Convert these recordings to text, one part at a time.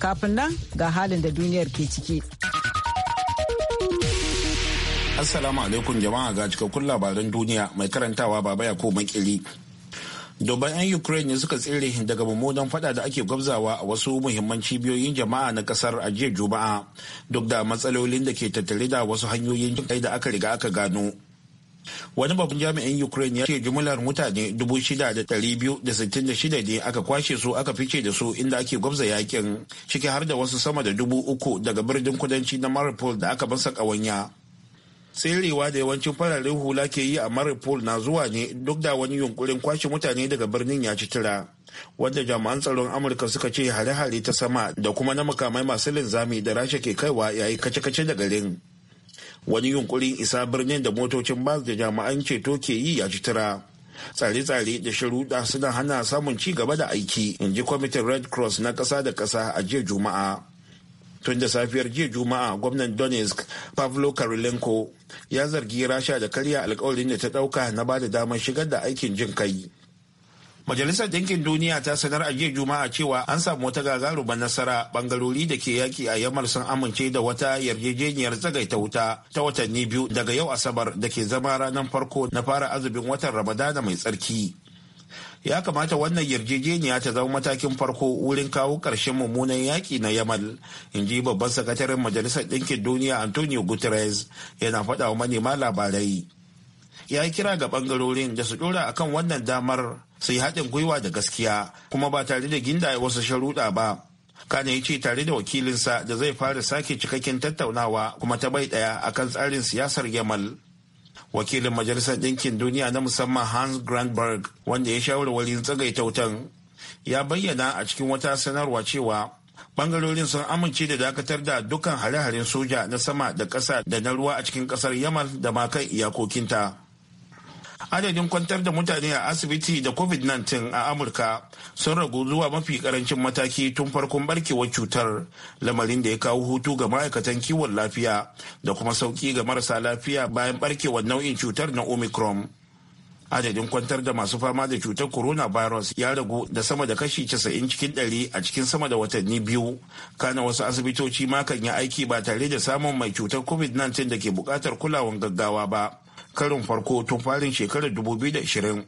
Kafin nan ga halin da duniyar ke ciki. Assalamu alaikum jama'a ga cikakkun labaran duniya mai karantawa baba ya ko makili. dubban 'yan ukraine suka tsere daga mummunan fada da ake gwabzawa a wasu muhimman cibiyoyin jama'a na kasar a jiya juma'a duk da matsalolin da ke tattare da wasu hanyoyin da aka riga aka gano wani babban jami'in ukraine ya ce jumlar mutane 6,266 ne aka kwashe su aka fice da su inda ake gwabza yakin ciki har da wasu sama da dubu uku daga birnin kudanci na maripol da aka basa kawanya tserewa da yawancin fararen hula ke yi a maripol na zuwa ne duk da wani yunkurin kwashe mutane daga birnin ya ci tura wanda jami'an tsaron amurka suka ce hare-hare ta sama da kuma na makamai masu linzami da rasha ke kaiwa yayi kace-kace da garin wani yunkurin isa birnin da motocin bas da jami'an ceto ke yi ya jitira tsare-tsare da sharuɗa suna hana samun ci gaba da aiki in ji kwamitin red cross na ƙasa da ƙasa a jiya juma'a tun da safiyar jiya juma'a gwamnan donetsk pavlo karolenko ya zargi rasha da karya alkawarin da ta ɗauka na ba da damar shigar da aikin jin kai Majalisar Dinkin Duniya ta sanar a jiya Juma'a cewa an samu wata gagarumar nasara bangarori da ke yaki a Yamal sun amince da wata yarjejeniyar tsagaita wuta ta watanni biyu daga yau Asabar da ke zama ranar farko na fara azumin watan Ramadana mai tsarki. Ya kamata wannan yarjejeniya ta zama matakin farko wurin kawo ƙarshen mummunan yaƙi na Yamal, in ji babban sakataren Majalisar Ɗinkin Duniya Antonio Guterres yana faɗawa manema labarai. ya yi kira ga bangarorin da su dora akan wannan damar su yi haɗin gwiwa da gaskiya kuma ba tare da ya wasu sharuɗa ba kane ya ce tare da wakilinsa da zai fara sake cikakken tattaunawa kuma ta bai ɗaya akan tsarin siyasar yamal wakilin majalisar ɗinkin duniya na musamman hans grandberg wanda ya shawarwarin tsagai tautan. ya bayyana a cikin wata sanarwa cewa bangarorin sun amince da dakatar da dukkan hare-haren soja na sama da ƙasa da na ruwa a cikin ƙasar yamal da ma kan iyakokinta adadin kwantar da mutane a asibiti da covid-19 a amurka sun ragu zuwa mafi karancin mataki tun farkon barkewar cutar lamarin da ya kawo hutu ga ma'aikatan kiwon lafiya da kuma sauki ga marasa lafiya bayan barkewar nau'in cutar na omicron adadin kwantar da masu fama da cutar coronavirus ya ragu da sama da kashi 90 cikin 100 a cikin sama da watanni biyu kana wasu asibitoci makan yi aiki ba tare da samun mai cutar covid-19 da ke bukatar kulawan gaggawa ba karin farko tun farin shekarar 2020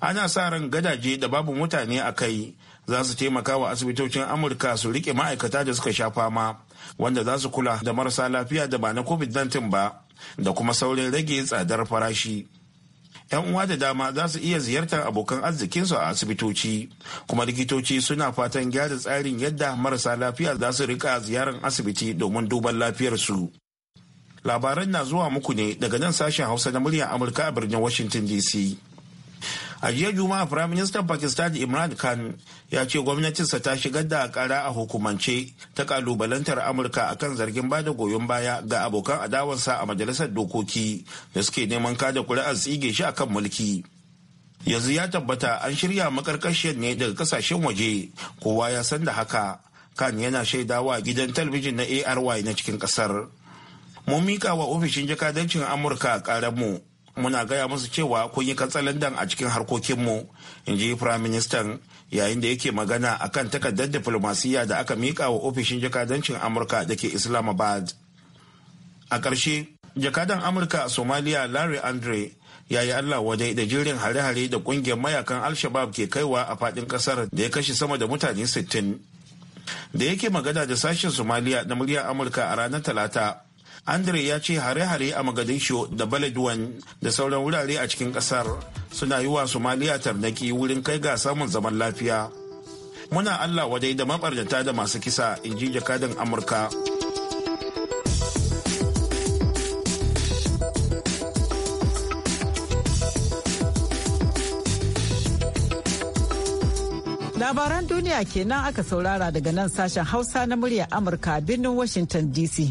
ana sa ran gadaje da babu mutane a kai za su taimaka wa asibitocin amurka su rike ma'aikata da suka sha fama wanda za su kula da marasa lafiya da ba na covid-19 ba da kuma saurin rage tsadar farashi yan uwa da dama za su iya ziyartar abokan arzikinsu a asibitoci kuma likitoci suna fatan gyara tsarin yadda marasa lafiya za su rika ziyarar asibiti domin duban lafiyarsu labaran na zuwa muku ne daga nan sashen hausa na muryar amurka a birnin washington dc a jiya juma'a firaministan pakistan imran khan ya ce gwamnatinsa ta shigar da kara a hukumance ta kalubalantar amurka akan zargin bada goyon baya ga abokan adawarsa a majalisar dokoki da suke neman kada kuri'ar tsige shi akan mulki yanzu ya tabbata an shirya makarkashiyar ne daga kasashen waje kowa ya san da haka kan yana shaidawa gidan talabijin na ARY na cikin kasar. mun mika wa ofishin jakadancin amurka mu muna gaya musu cewa kun yi katsalandan a cikin harkokinmu in ji firaministan yayin da yake magana a kan takardar diflomasiyya da aka mika wa ofishin jakadancin amurka da ke islamabad a ƙarshe jakadan amurka a somaliya larry andre ya yi allah wadai da jirin hare-hare da ƙungiyar mayakan alshabab ke kaiwa a faɗin ƙasar da ya kashe sama da mutane 60 da yake magana da sashen somaliya na muryar amurka a ranar talata andre ya ce hare-hare a magadisho da baladwan da sauran wurare a cikin kasar suna yi wa somaliya tarnaki wurin kai ga samun zaman lafiya muna allah wadai da mabarnata da masu kisa in ji jakadan amurka labaran duniya kenan aka saurara daga nan sashen hausa na murya amurka birnin washington dc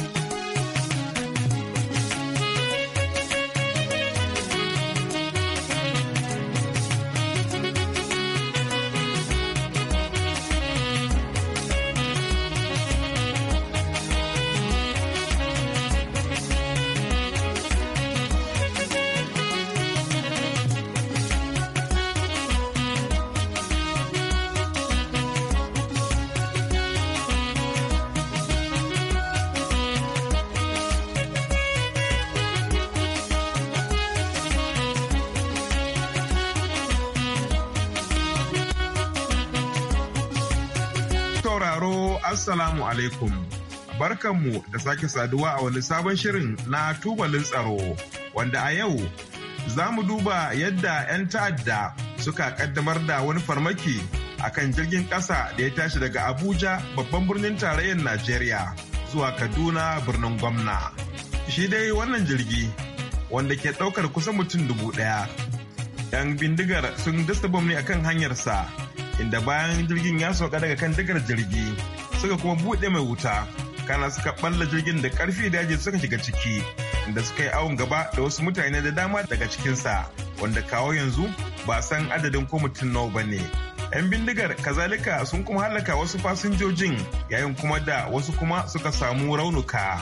Assalamu alaikum. Barkanmu da sake saduwa a wani sabon shirin na tubalin tsaro wanda a yau za mu duba yadda 'yan ta'adda suka kaddamar da wani farmaki a kan jirgin ƙasa da ya tashi daga Abuja babban birnin tarayyar Najeriya zuwa Kaduna birnin gwamna. Shi dai wannan jirgi wanda ke ɗaukar kusan mutum dubu ɗaya. 'Yan bindigar sun dasta bom ne akan hanyarsa inda bayan jirgin ya sauka daga kan digar jirgi. suka kuma buɗe mai wuta kana suka ɓalla jirgin da ƙarfi daji suka shiga ciki da suka yi awon gaba da wasu mutane da dama daga cikinsa wanda kawo yanzu ba san adadin ko mutum nawa ba ne 'yan bindigar kazalika sun kuma halaka wasu fasinjojin yayin kuma da wasu kuma suka samu raunuka.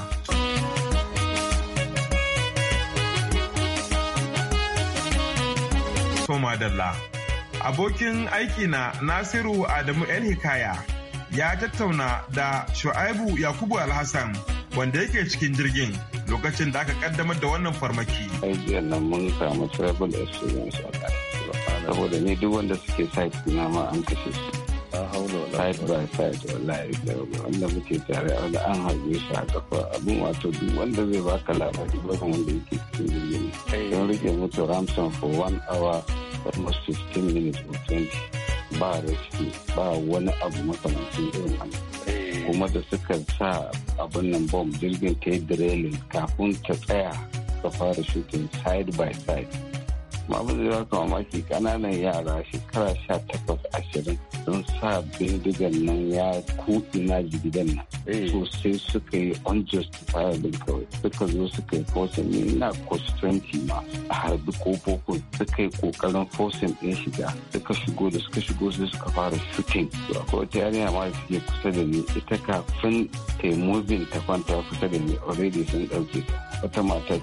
Abokin aiki na Nasiru Adamu El Hikaya ya tattauna da Shu'aibu Yakubu Alhassan wanda yake cikin jirgin lokacin da aka kaddamar da wannan farmaki. Ajiyar nan mun samu travel experience a saboda ni duk wanda suke site na ma an kashe su. Side by side wallahi wanda muke tare wanda an harbe shi a kafa abin wato duk wanda zai baka labari ba wanda yake cikin jirgin. Don rike mutu ransom for one hour almost 15 minutes or 20. ba rashi ba wani abu makamancin irin eh. kuma da suka sa abin nan bom jirgin ta yi kafin ta tsaya ta fara shooting side by side Mabu kuma baka kananan ƙananan yara shekara sha takwas ashirin sun sa bindigan nan ya ko ina jirgin nan. Sosai eh. suka yi unjustifiable kawai suka zo suka yi forcing ne ina constituency ma a harbi kofofin suka yi kokarin forcing ɗin shiga suka shigo da suka shigo sai suka fara shooting. To akwai wata yarinya ma da suke kusa da ni ita kafin ta yi moving ta kwanta kusa da ni already sun ɗauke ta. Wata mata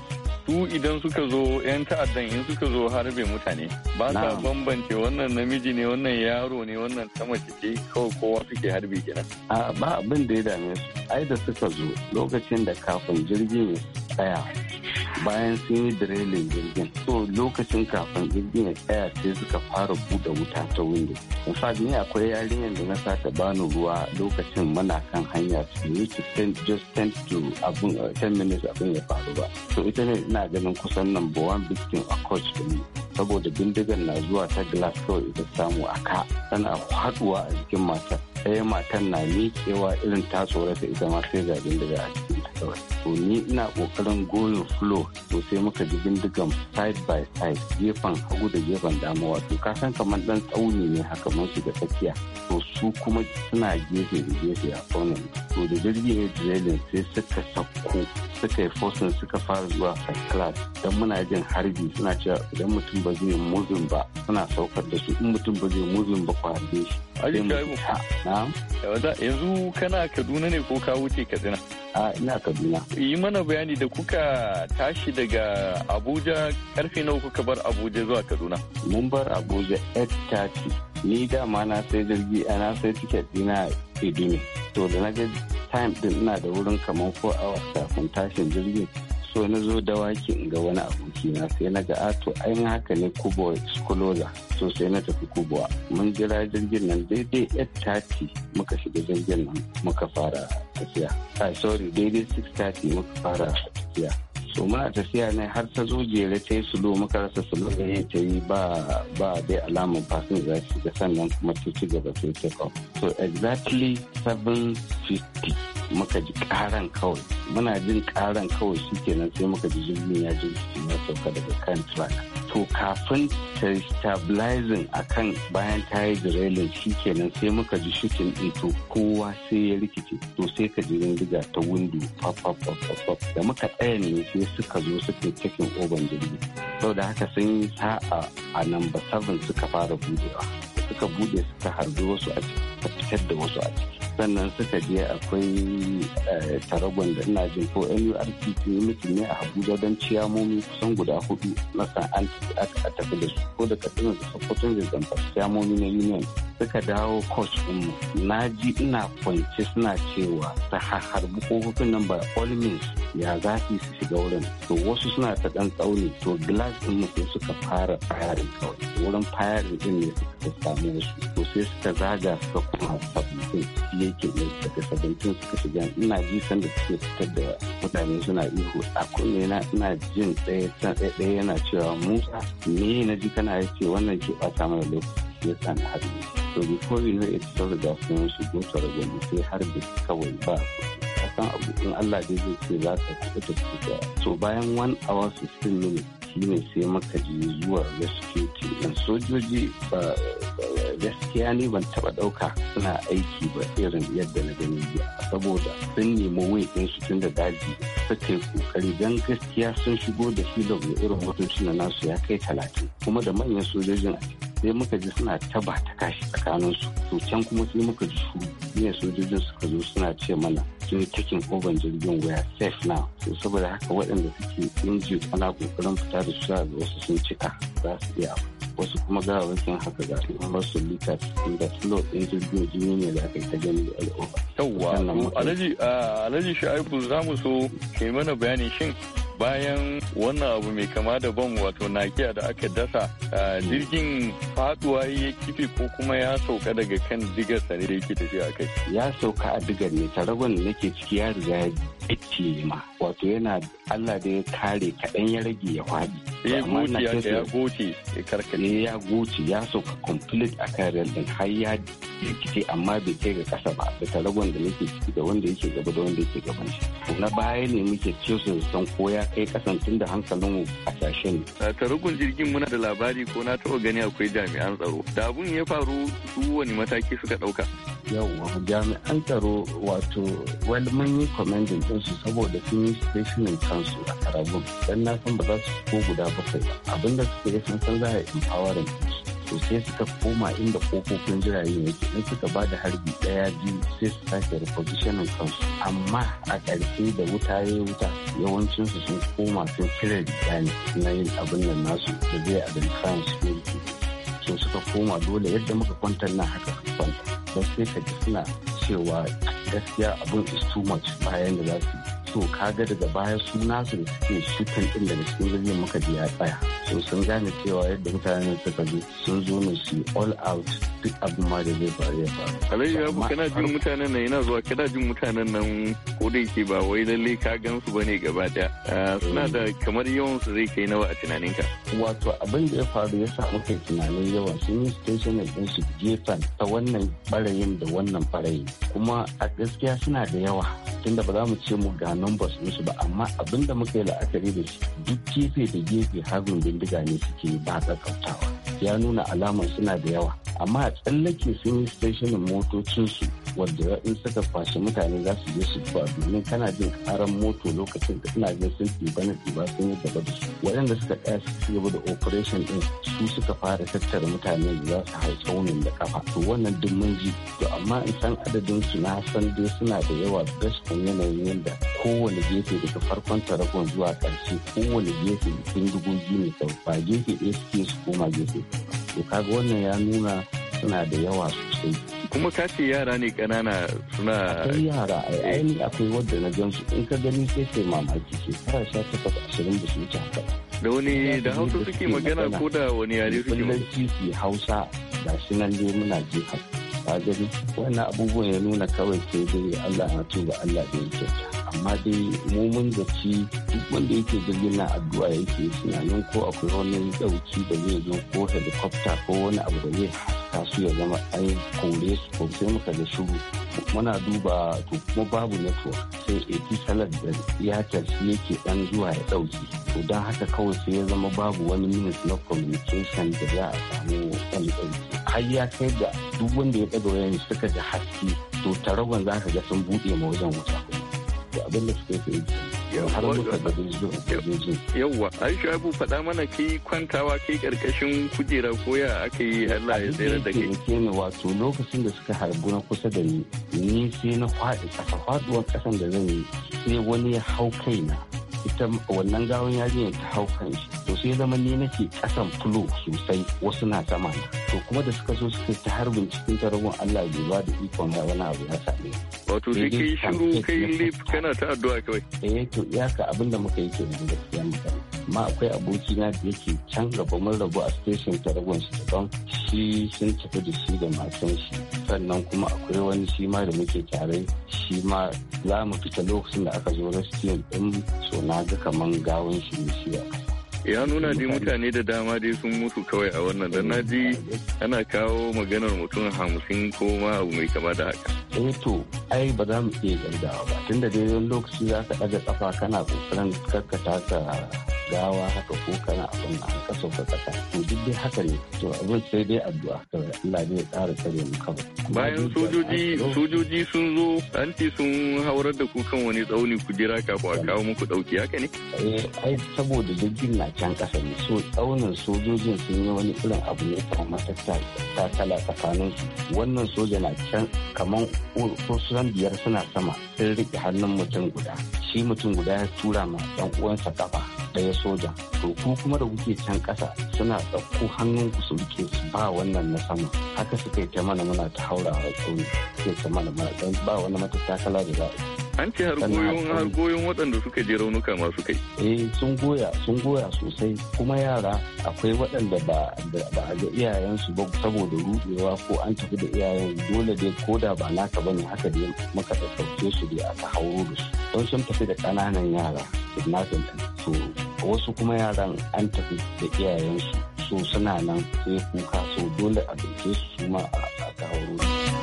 su idan suka zo 'yan ta'addan in suka zo harbe mutane ba sa bambance wannan namiji ne wannan yaro ne wannan ta mace ce kawai kowa suke harbe kenan. a ba abin da ya dame su ai da suka zo lokacin da kafin jirgin ya tsaya bayan sun yi direlin jirgin so lokacin kafin jirgin ya tsaya sai suka fara buɗe wuta ta windo in ni akwai yarinyar da na sa ta bani ruwa lokacin muna kan hanya su ne ki just ten to abin ten minutes abin ya faru ba so ita ne ina ganin kusan number one victim a coach din saboda bindigan na zuwa ta glass kawai ita samu a ka tana haduwa a jikin matan. ɗaya matan na miƙewa irin ta tsorata ita ma sai ga bindiga a cikin ta kawai to ni ina ƙoƙarin goyon flow to sai muka ji bindigan side by side gefen hagu da gefen dama wato ka san kamar ɗan tsauni ne haka mun shiga tsakiya to su kuma suna gefe da gefe a kwanan to da jirgin ya jirelin sai suka sauko suka yi fosin suka fara zuwa first class don muna jin harbi suna cewa idan mutum ba zai muzin ba suna saukar da shi in mutum ba zai muzin ba kwalle shi. yanzu kana Kaduna ne ko ka wuce Katsina? A ina Kaduna. Yi mana bayani da kuka tashi daga Abuja karfe nawa kuka bar Abuja zuwa Kaduna? Mun bar Abuja 8:30. Ni dama na sai jirgi na sai tiket dina Kaduna. To da na ga time din ina da wurin kamar 4 hours kafin tashin jirgin so na zo da in ga wani aboki na sai na ga ato ah, ainihin haka ne kubo skuloza so sai na tafi kubuwa mun jira jirgin nan daidai yan tati muka shiga jirgin nan muka fara tafiya ah, sorry daidai 6:30 muka fara tafiya to ma a tafiya ne har ta zo jere ta yi sulo muka rasa sulu da ya ta yi ba ba dai alamun fasin za su ga sannan kuma ta ci gaba ta take so exactly 750 muka ji karan kawai muna jin karan kawai shi kenan sai muka ji jirgin ya jirgin ya sauka daga kan track to kafin ta stabilizing a kan bayan ta yi dirailin shi kenan sai muka ji shukin ito kowa sai ya rikice to sai ka ji diga ta windo papapapapap da muka tsaya ne sai suka zo suke cikin oban jirgi saboda haka sun yi sa'a a number 7 suka fara budewa suka bude suka harbi wasu a fitar da wasu a ciki sannan suka je akwai eh, taragon da ina jin ko nurc sun yi mutum ne a abuja don ciyamomi kusan guda hudu na sana'an aka tafi da su ko da katsina da sokoto da ciyamomi na union suka dawo coach din na ji ina kwance suna cewa ta harbi kofofin nan ba all means ya za su shiga wurin to wasu suna ta dan tsauni to glass din mutum suka fara firing kawai wurin firing din ne suka samu wasu to sai suka zaga suka kuma sabbin yake ne daga tun suka shiga ina ji sanda suke fitar da mutane suna ihu a kunne na ina jin ɗaya yana cewa musa me na ji kana ya ce wannan ke ɓata mana lokaci ya sa na haɗu to before you know it saboda da sun shigo da gani sai har da kawai ba a san abu in Allah dai zai ce za ka fita da so bayan one hour 15 minutes ne sai muka ji zuwa rescue team sojoji ba gaskiya ne ban taɓa ɗauka suna aiki ba irin yadda na gani ba saboda sun nemi wai din su tun da daji suka yi kokari don gaskiya sun shigo da shi da irin mutuncin na nasu ya kai talatin kuma da manyan sojojin a sai muka ji suna taba ta kashi tsakanin su to can kuma sai muka ji su ne sojojin suka zo suna ce mana sun cikin oban jirgin waya safe now to saboda haka waɗanda suke inji ana kokarin fita da su wasu sun cika za su iya wasu kuma wasu haka ga su ba su lita cikin da slow ɗin jirgin jini ne da aka yi ta gani da al'umma. yawwa alhaji ah, alhaji sha'ibu za mu so ke mana bayanin shin bayan wannan abu mai kama da bom wato nakiya da aka dasa jirgin faduwa ya kife ko kuma ya sauka daga kan digar sane da yake tafiya a kai ya sauka a digar ne taragon da nake ciki ya riga ya ma wato yana Allah da ya kare kaɗan ya rage ya faɗi. Ya goce ya goce ya karkace. Eh, ya goce ya sauka complete a kan din har ya rikice amma bai kai ga kasa ba da taragon da nake ciki da wanda yake gaba da wanda yake gaban shi. Na baya ne muke ce su san ko ya kai kasan tun da hankalin mu a sashe ne. Tarugun jirgin muna da labari ko na taɓa gani akwai jami'an tsaro. Da abun ya faru su wani mataki suka ɗauka. Yawwa jami'an tsaro wato wani mun yi kwamandin su saboda sun yi stationin kansu a karabun don na san ba za su ko guda bakwai ba abinda suka yi sun san za a empowering to sai suka koma inda kofofin jirage yake in suka ba da harbi daya biyu sai su sake repositionin kansu amma a ƙarshe da wuta ya wuta yawancinsu sun koma sun kira da ne na yin abin nan nasu da zai a dan security to suka koma dole yadda muka kwantar nan haka kwanta don sai ka ji suna cewa gaskiya abin is too much bayan da za su so kaga daga baya su nasu da suke shitin din daga cikin jirgin muka ji ya tsaya so sun gane cewa yadda mutane suka zo sun zo ne su all out duk abin ma da zai faru ya faru. Alayyu Abu kana jin mutanen nan yana zuwa kana jin mutanen nan ko da yake ba wai lalle ka gan su bane gaba daya ah, suna da mm. kamar yawan su zai kai nawa a tunanin ka. Wato abin da ya faru ya samu kai tunanin yawa sun yi station din su gefen ta wannan barayin da wannan barayin kuma a gaskiya suna da yawa tunda ba za mu ce mu gano numbers musu ba amma abin da muka yi la'akari da shi duk gefe da gefe hagun bindiga ne suke ba tsakautawa ya nuna alamar suna da yawa amma a tsallake sun yi stashin motocinsu wadda in suka fashi mutane za su je su ba domin kana jin karan moto lokacin da suna jin sun ɗiba na ɗiba sun yi gaba da su waɗanda suka ɗaya su gaba da operation ɗin su suka fara tattara mutane da za su hau tsaunin da kafa to wannan duk mun ji to amma in san adadin su na san dai suna da yawa gaskon yanayin yadda ko kowane gefe daga farkon taragon zuwa ƙarshe kowane gefe biyu ne kawai ba gefe ɗaya suke su koma gefe to kaga wannan ya nuna suna da yawa sosai kuma ka ce yara ne ƙanana suna akwai yara a aini akwai wadda na gansu in ka gani sai sai mamaki ce tara sha takwas ashirin da su wuce haka da wani da hausa suke magana ko da wani yare suke magana hausa ga shi nan dai muna jefa ka gani wannan abubuwan ya nuna kawai sai dai Allah na tuba Allah da ya kyauta amma dai mu mun ci duk wanda yake jirgin na addu'a yake tunanin ko akwai wani dauki da zai zo ko helicopter ko wani abu da zai su ya zama an kore su ko sai muka da shuru muna duba to kuma babu network sai eti salad da iyatar su yake dan zuwa ya dauki to don haka kawai sai ya zama babu wani minutes na communication da za a samu wani har ya kai da duk wanda ya daga wayan suka ji haske to taragon za ka ga sun buɗe ma wajen wuta abin da suka yi har yawwa faɗa mana ke kwantawa ke karkashin kujera ya aka yi Allah ya tsere da ke ne wato lokacin da suka harbu na kusa da ni ni sai na faɗi ƙasa faɗuwar ƙasan da zan yi sai wani ya hau kaina ita wannan gawon yarinyar ta hau kan shi to sai zama ni nake kasan fulo sosai wasu na sama to kuma da suka zo suka ta harbin cikin tarabon Allah bai ba da ikon ba wani abu na same wato sai yi shiru kai lif kana ta addu'a kawai eh to iyaka abin da muka yi ke nan gaskiya ma akwai aboki na da yake can gaba mun rabu a station ta ragon shi daban shi sun tafi da shi da matan shi sannan kuma akwai wani shi ma da muke tare shi ma za mu fita lokacin da aka zo rescue din so na ga kaman gawon shi ne shi a ya nuna dai mutane da dama dai sun mutu kawai a wannan dan na ji ana kawo maganar mutum hamsin ko ma abu mai kama da haka eh to ai ba za mu iya gargawa ba tunda dai wani lokaci za ka ɗaga kafa kana kokarin karkata ka Gawa haka ko kana abin an kaso ka kasa to duk dai haka ne to abin sai dai addu'a kawai Allah ne ya tsara tsare mu kawai bayan sojoji sojoji sun zo anti sun haurar da ku kan wani tsauni ku jira kafin a kawo muku dauki haka ne eh ai saboda jirgin na can kasa ne so tsaunin sojojin sun yi wani irin abu ne ta matakta ta kala tsakanin su wannan soja na can kaman kursuran biyar suna sama sun riƙe hannun mutum guda shi mutum guda ya tura ma ɗan uwansa kafa ɗaya soja to ku kuma da kuke can ƙasa suna ɗauko hannun ku su rike su ba wannan na sama haka suka yi ta mana muna ta haura a ƙauye ke ta mana mana ba wani matattakala da za an ce har goyon har goyon waɗanda suka je raunuka ma suka eh sun goya sun goya sosai kuma yara akwai waɗanda ba ba a ga iyayensu ba saboda rudewa ko an tafi da iyayen dole dai ko da ba naka bane haka dai maka ɗauke su dai aka hauro da su don sun tafi da ƙananan yara kidnapping to wasu kuma yaran an tafi da iyayensu su suna nan sai kuka so dole a ɗauke su ma a kawo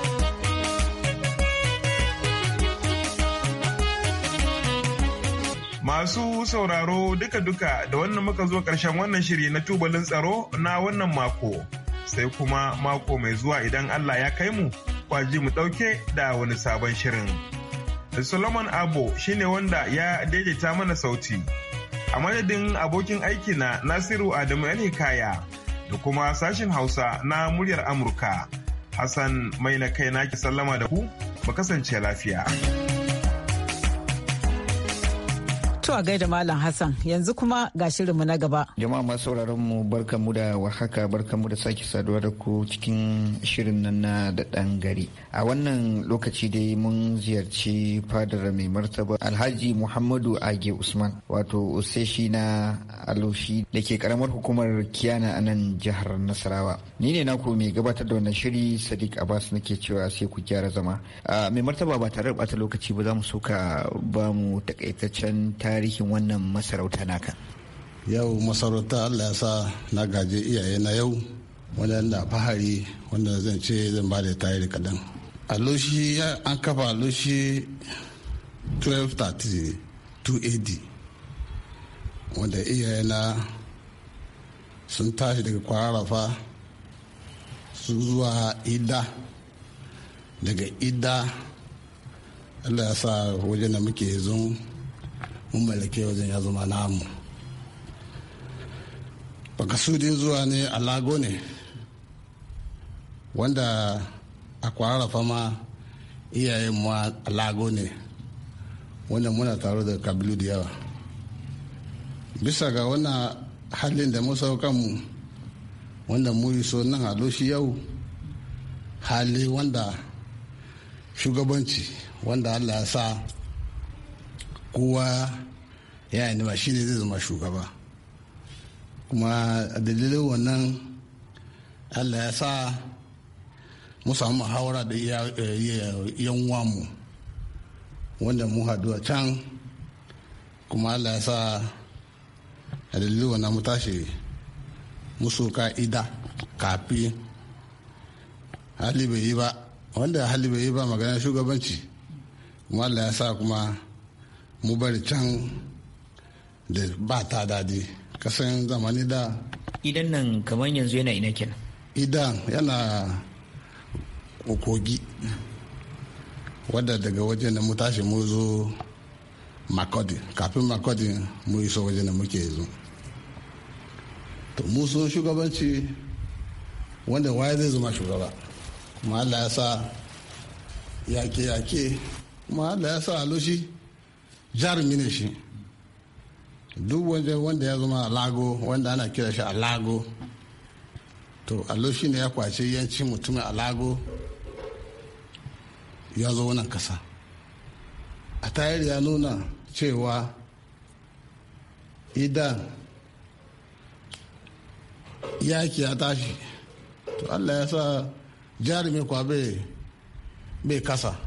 Masu sauraro duka-duka da wannan muka zo ƙarshen wannan shiri na tubalin tsaro na wannan mako. Sai kuma mako mai zuwa idan Allah ya kai mu, kwaji mu ɗauke da wani sabon shirin. Solomon Abo shine wanda ya daidaita mana sauti. A madadin abokin aiki na Nasiru Adamu yan hikaya da kuma sashin Hausa na muryar Amurka. Hassan mai na kai na ki sallama da ku, ba kasance lafiya. To gaida Malam Hassan yanzu kuma ga shirinmu na gaba. Jama'a masu sauraron mu barkamu da wahaka mu da sake saduwa da ku cikin shirin nan na da ɗan gari. A wannan lokaci dai mun ziyarci fadar mai martaba Alhaji Muhammadu Age Usman wato Useshi na Alushi da ke karamar hukumar Kiyana a nan jihar Nasarawa. Ni ne naku mai gabatar da wannan shiri Sadiq Abbas nake cewa sai ku gyara zama. Mai martaba ba tare da bata lokaci ba za mu so ba mu takaitaccen tarihin wannan masarauta naka yau masarauta allah ya sa na gaje iyaye na yau wanda yana fahari wanda zan ce zan ba da tarihi kadan aloshi an kafa aloshi 1230 A_D wanda iyaye na sun tashi daga kwararrafa su zuwa ida daga ida allah ya sa wajen da muke zuwa mun mallake wajen ya zama namu bakasudin zuwa ne a lago ne wanda a kwararrafa ma iyayen ma a lago ne wanda muna tare da kabilu da yawa bisa ga wannan halin da musa kanmu wanda mu so nan a loshi yau hali wanda shugabanci wanda allah ya sa kowa ya yi shi ne zai zama shugaba kuma a dalilin wannan allah ya sa mu samu muhawara da yan mu wanda mu haɗu a can kuma allah ya sa a dalilin wannan mu tashi musu ka'ida kafi hali bai yi ba wanda hali bai yi ba maganar shugabanci kuma allah ya sa kuma mu bari can da ba ta daɗi kasan zamani da idan nan kamar yanzu yana ina kenan idan yana kogi wadda daga wajen da mu tashi mu zo makodi kafin makodi mu iso wajen da muke yanzu to mu sun shugabanci wanda waye zai zama shugaba kuma allah ya sa yake yake kuma allah ya sa aloshi jarumi ne shi duk wanda ya zama lago wanda ana kira shi alago to allo shi ne ya kwace yanci mutumin alago ya zo wannan kasa a tayar ya nuna cewa idan yaki ya tashi to allah ya sa jarumi kwa bai kasa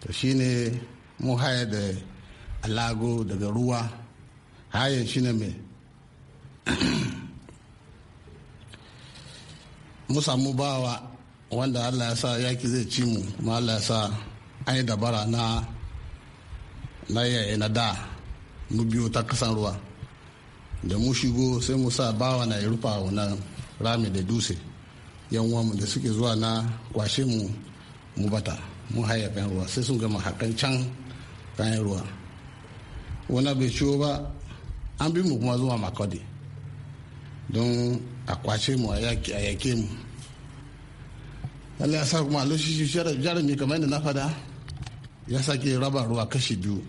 to ne. mu haya da alago daga ruwa haya shi ne mai mu samu bawa wanda allah ya sa yaki zai ci mu kuma allah ya sa an yi dabara na na yaya na da mu biyo ta kasan ruwa da mu shigo sai mu sa bawa na ya rufa wannan rami da dutse yan da suke zuwa na kwashe mu mu bata mu haya ruwa sai sun gama hakan can kayan ruwa wani bai ciwo ba an bi mu kuma zuwa makodi don a kwace mu a yake mu Allah ya sa kuma a lokacin jarumi kamar yadda na fada ya sake raba ruwa kashi biyu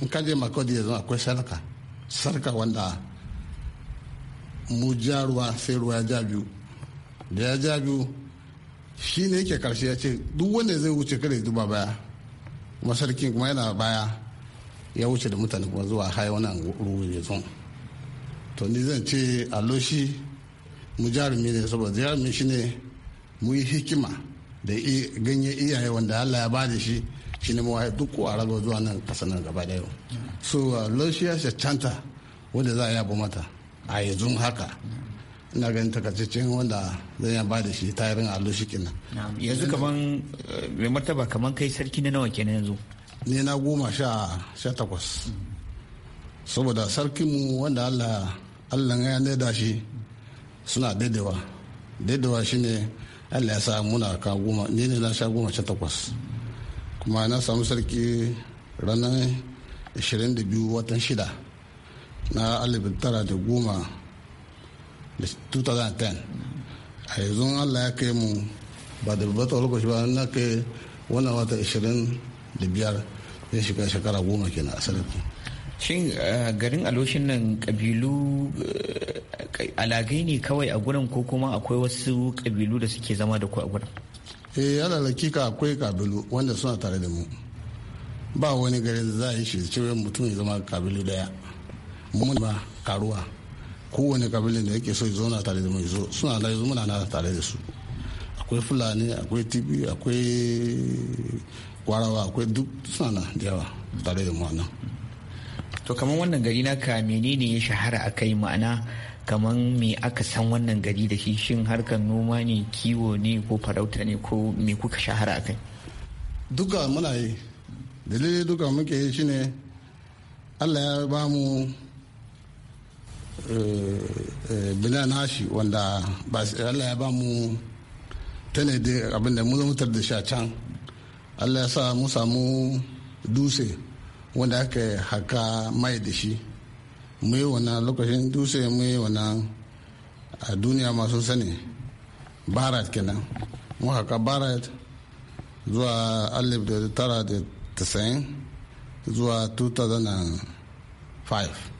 in kaje makodi ya zama akwai sarka sarka wanda mu ja ruwa sai ruwa ja biyu da ya ja biyu shi ne yake karshe ya ce duk wanda zai wuce kada ya duba baya kuma sarkin kuma yana baya ya wuce da mutane kuma zuwa haya wannan ruwa zon to ni zan ce aloshi mu jarumi ne saboda jarumi shi ne mu yi hikima da ganye iyaye wanda allah ya bada shi shi ne mawaye duk a rago zuwa nan kasa nan gaba da yau so aloshi ya cancanta wanda za a yabo mata a yanzu haka ina ganin takaitaccen wanda zan ya ba da shi tayarin allo shi kenan yanzu kaman mai martaba kaman kai sarki na nawa kenan yanzu ne na goma sha sha takwas saboda sarkinmu wanda allah allah ya da shi suna daidawa daidawa ne allah ya sa muna ka goma ne ne na sha goma sha takwas kuma na samu sarki ranar 22 watan shida na alibin tara da goma ten a yanzu allah ya kai mu ba da rubuta lokaci ba na kai wannan wata 25 ya shiga shekara goma kenan a sarrafa shin garin aloshin nan kabilu ah, alagai ne kawai a gurin ko kuma akwai wasu kabilu da suke zama da ku a gurin eh yana kika akwai kabilu wanda suna tare da mu ba wani gari da za a yi shi cewa mutum ya zama kabilu daya mun ba karuwa kowane kabilin da yake so ya zauna tare da mu zo suna da yanzu muna nada tare da su akwai fulani akwai tibi akwai kwarawa akwai duk suna da yawa tare da mu nan to kamar wannan gari na ka menene ya shahara kai ma'ana kamar me aka san wannan gari da shi shin harkar noma ne kiwo ne ko farauta ne ko me kuka shahara a kai. duka muna yi dalilin duka muke yi shine allah ya ba mu Eh, eh, biliyan hashi wanda ba Allah ya ba mu tanadi abinda mu zama da shi a can Allah ya sa mu samu dutse wanda aka haka mai da shi mu yi wannan lokacin dutse mu yi wannan a duniya masu sani barat kenan mu haka barat zuwa alif da tara da tasa'in zuwa 2005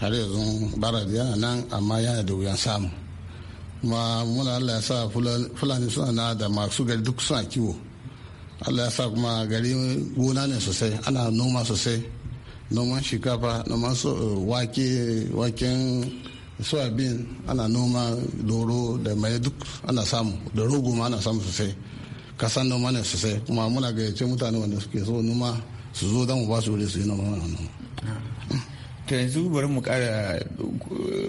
har yanzu barad yana nan amma yana da wuyan samu ma muna allah ya sa fulani suna na da masu gari duk suna kiwo allah ya sa kuma gari gona ne sosai ana noma sosai noman shinkafa noman eh, wake waken soyabin ana noma doro da mai duk ana samu da rogo ma ana samu sosai kasan noma ne sosai kuma muna gayyace mutane wanda suke so noma su zo don mu ba su wuri su yi noma to yanzu bari mu kara eh,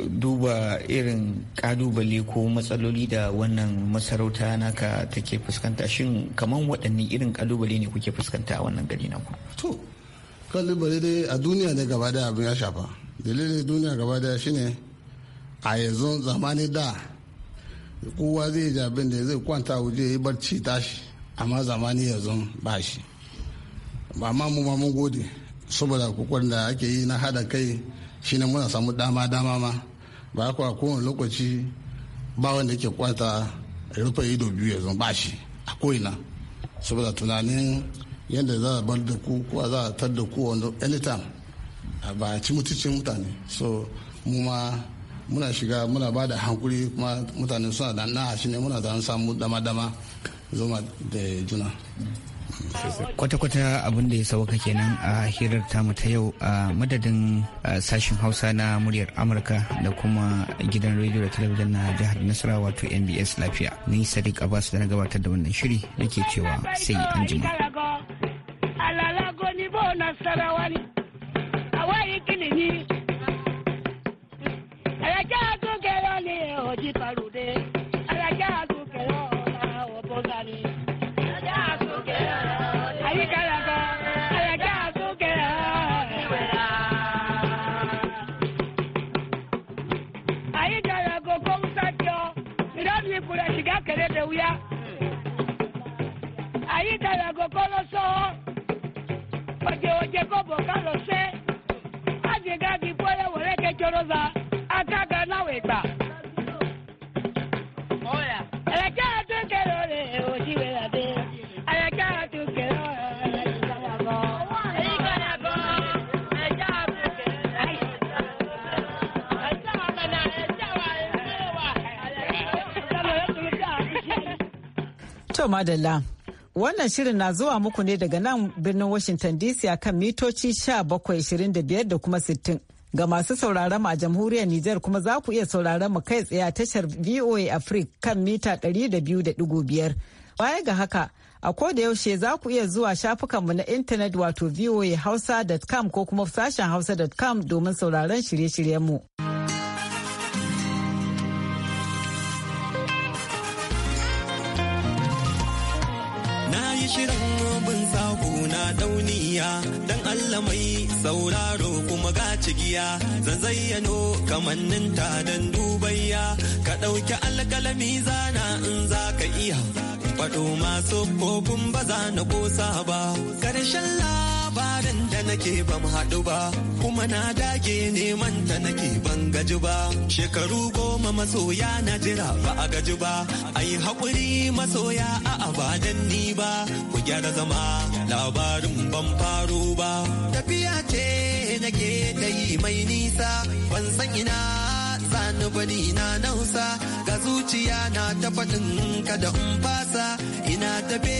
duba irin kalubale ko matsaloli da wannan masarauta naka take fuskanta shin kamar waɗanne irin kalubale ne kuke fuskanta a wannan gari naku to kalubale dai a duniya ne gaba da abin ya shafa dalilin duniya gaba da shine a yanzu zamani da kowa zai ji abin da zai kwanta waje ya barci tashi amma zamani yanzu ba shi ba mu ma mun gode saboda kokon da ake yi na hada kai shine muna samu dama dama ma ba kuwa kowane lokaci ba wanda yake kwata rufe ido biyu ya ba shi a ko'ina saboda tunanin yadda za a bar da ku kuwa za a tar da ku wanda anytime ba ci mutuncin mutane so mu ma muna shiga muna ba da hankuri kuma mutane suna da na shi ne muna da samu dama-dama zoma da juna kwata-kwata abin da ya sauka kenan a hirar tamu ta yau a madadin sashen hausa na muryar amurka da kuma gidan rediyo da talabijin na jihar nasara wato mbs lafiya ni sadiq abbas da na gabatar da wannan shiri ke cewa sai an jima ikoroza aka ga na wegba ẹ̀ka àtúnkẹ́rọ̀ rẹ̀ òsì wẹ̀rẹ̀ dé To Madalla, wannan shirin na zuwa muku ne daga nan birnin Washington DC a kan mitoci 1725 da kuma 60. Ga masu sauraron a jamhuriyar Nijar kuma za ku iya sauraron mu kai tsaye a tashar VOA Africa kan mita 200.5. Baya ga haka, a ko da yaushe za ku iya zuwa shafukanmu na intanet wato voahausa.com ko kuma sashen hausa.com domin sauraron shirye-shiryenmu. Na yi shirin robin sako na dauniya don Allah mai sauraro. kuma gaci giya zan zayyano kamannin ta dan dubayya ka ɗauki alkalami zana in za ka iya faɗo masu kofin ba za na ƙosa ba ƙarshen la labarin da nake mu haɗu ba kuma na dage neman ta nake ban gaji ba shekaru goma masoya na jira ba a gaji ba ayi haƙuri masoya a abadan ni ba ku gyara zama labarin ban faro ba tafiya ce nake ta yi mai nisa ban san ina sani bani na nausa ga zuciya na ta faɗin kada in fasa ina tafe